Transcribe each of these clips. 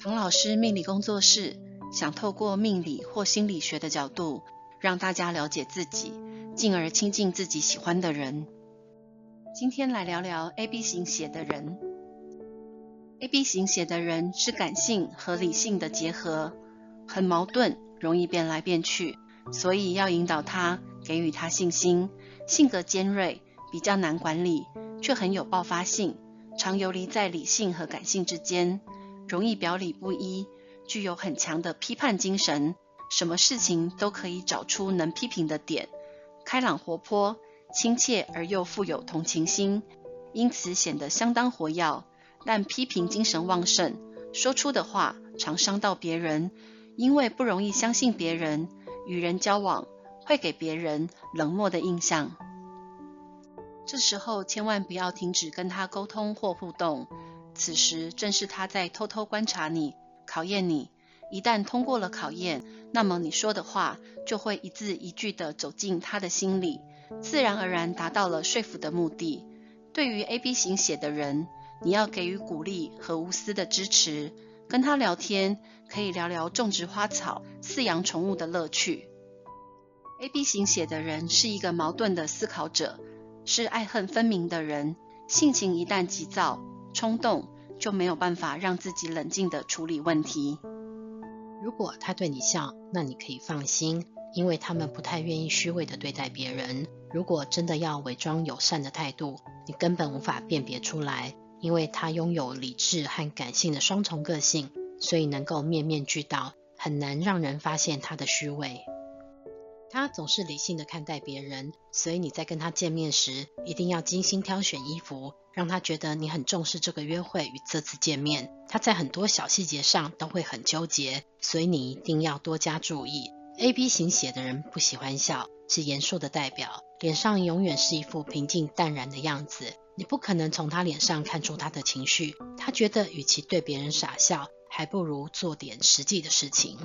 唐老師命理工作室想透過命理或心理學的角度，讓大家了解自己，進而親近自己喜歡的人。今天來聊聊 AB 型血的人。AB 型血的人是感性和理性的結合，很矛盾，容易變來變去，所以要引導他，給予他信心。性格尖銳，比較難管理，卻很有爆發性，常游離在理性和感性之間。容易表裡不一，具有很強的批判精神，什麼事情都可以找出能批評的點。開朗活潑，親切而又富有同情心，因此顯得相當活躍。但批評精神旺盛，說出的話常傷到別人，因為不容易相信別人，與人交往會給別人冷漠的印象。這時候千萬不要停止跟他溝通或互動。此時正是他在偷偷觀察你、考驗你。一旦通過了考驗，那麼你說的話就會一字一句地走進他的心裡，自然而然達到了說服的目的。對於 AB 型血的人，你要給予鼓勵和無私的支持，跟他聊天，可以聊聊種植花草、飼養寵物的樂趣。AB 型血的人是一個矛盾的思考者，是愛恨分明的人，性情一旦急躁。衝動就沒有辦法讓自己冷靜的處理問題。如果他對你笑，那你可以放心，因為他們不太願意虛偽的對待別人。如果真的要偽裝友善的態度，你根本無法辨別出來，因為他擁有理智和感性的雙重個性，所以能夠面面俱到，很難讓人發現他的虛偽。他總是理性的看待別人，所以你在跟他見面時，一定要精心挑選衣服，讓他覺得你很重視這個約會與這次見面。他在很多小細節上都會很糾結，所以你一定要多加注意。AB 型血的人不喜歡笑，是嚴肅的代表，臉上永遠是一副平靜淡然的樣子，你不可能從他臉上看出他的情緒。他覺得，與其對別人傻笑，還不如做點實際的事情。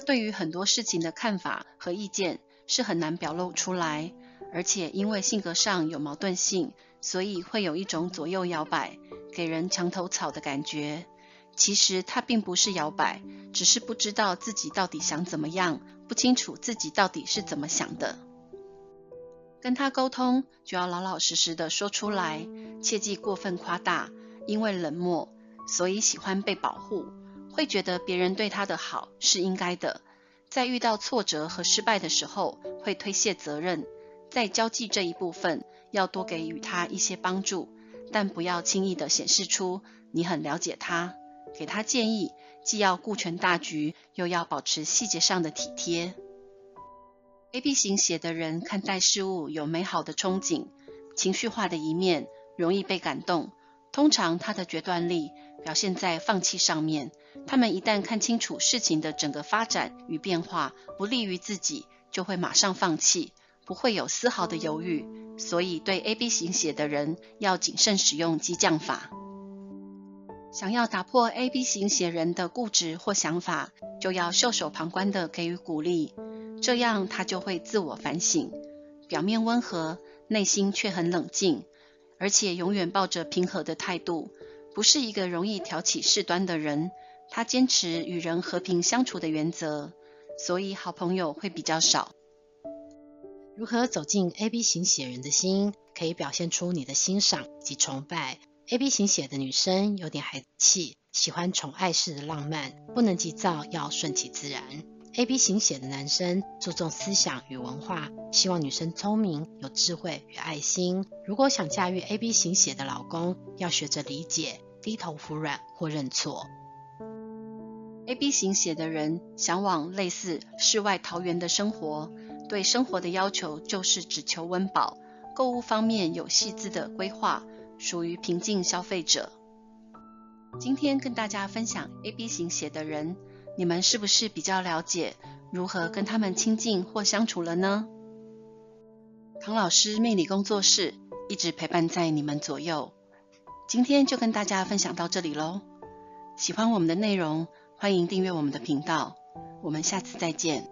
他對於很多事情的看法和意見是很難表露出來，而且因為性格上有矛盾性，所以會有一種左右搖擺，給人牆頭草的感覺。其實他並不是搖擺，只是不知道自己到底想怎麼樣，不清楚自己到底是怎麼想的。跟他溝通就要老老實實的說出來，切忌過分誇大，因為冷漠，所以喜歡被保護。會覺得別人對他的好是應該的，在遇到挫折和失敗的時候會推卸責任。在交際這一部分，要多給予他一些幫助，但不要輕易的顯示出你很了解他，給他建議，既要顧全大局，又要保持細節上的體貼。AB 型血的人看待事物有美好的憧憬，情緒化的一面容易被感動。通常他的決斷力表現在放棄上面。他們一旦看清楚事情的整個發展與變化，不利於自己，就會馬上放棄，不會有絲毫的猶豫。所以，對 AB 型血的人要謹慎使用激將法。想要打破 AB 型血人的固執或想法，就要袖手旁觀地給予鼓勵，這樣他就會自我反省。表面溫和，內心卻很冷靜，而且永遠抱着平和的態度，不是一個容易挑起事端的人。他堅持與人和平相處的原則，所以好朋友會比較少。如何走進 AB 型血人的心，可以表現出你的欣賞及崇拜。AB 型血的女生有點孩子氣，喜歡寵愛式的浪漫，不能急躁，要順其自然。AB 型血的男生注重思想與文化，希望女生聰明、有智慧與愛心。如果想駕馭 AB 型血的老公，要學着理解、低頭服軟或認錯。AB 型血的人嚮往類似世外桃源的生活，對生活的要求就是只求溫飽。購物方面有細緻的規劃，屬於平靜消費者。今天跟大家分享 AB 型血的人，你們是不是比較了解如何跟他們親近或相處了呢？唐老師命理工作室一直陪伴在你們左右，今天就跟大家分享到這裡嘍。喜歡我們的內容，歡迎訂閱我們的頻道，我們下次再見。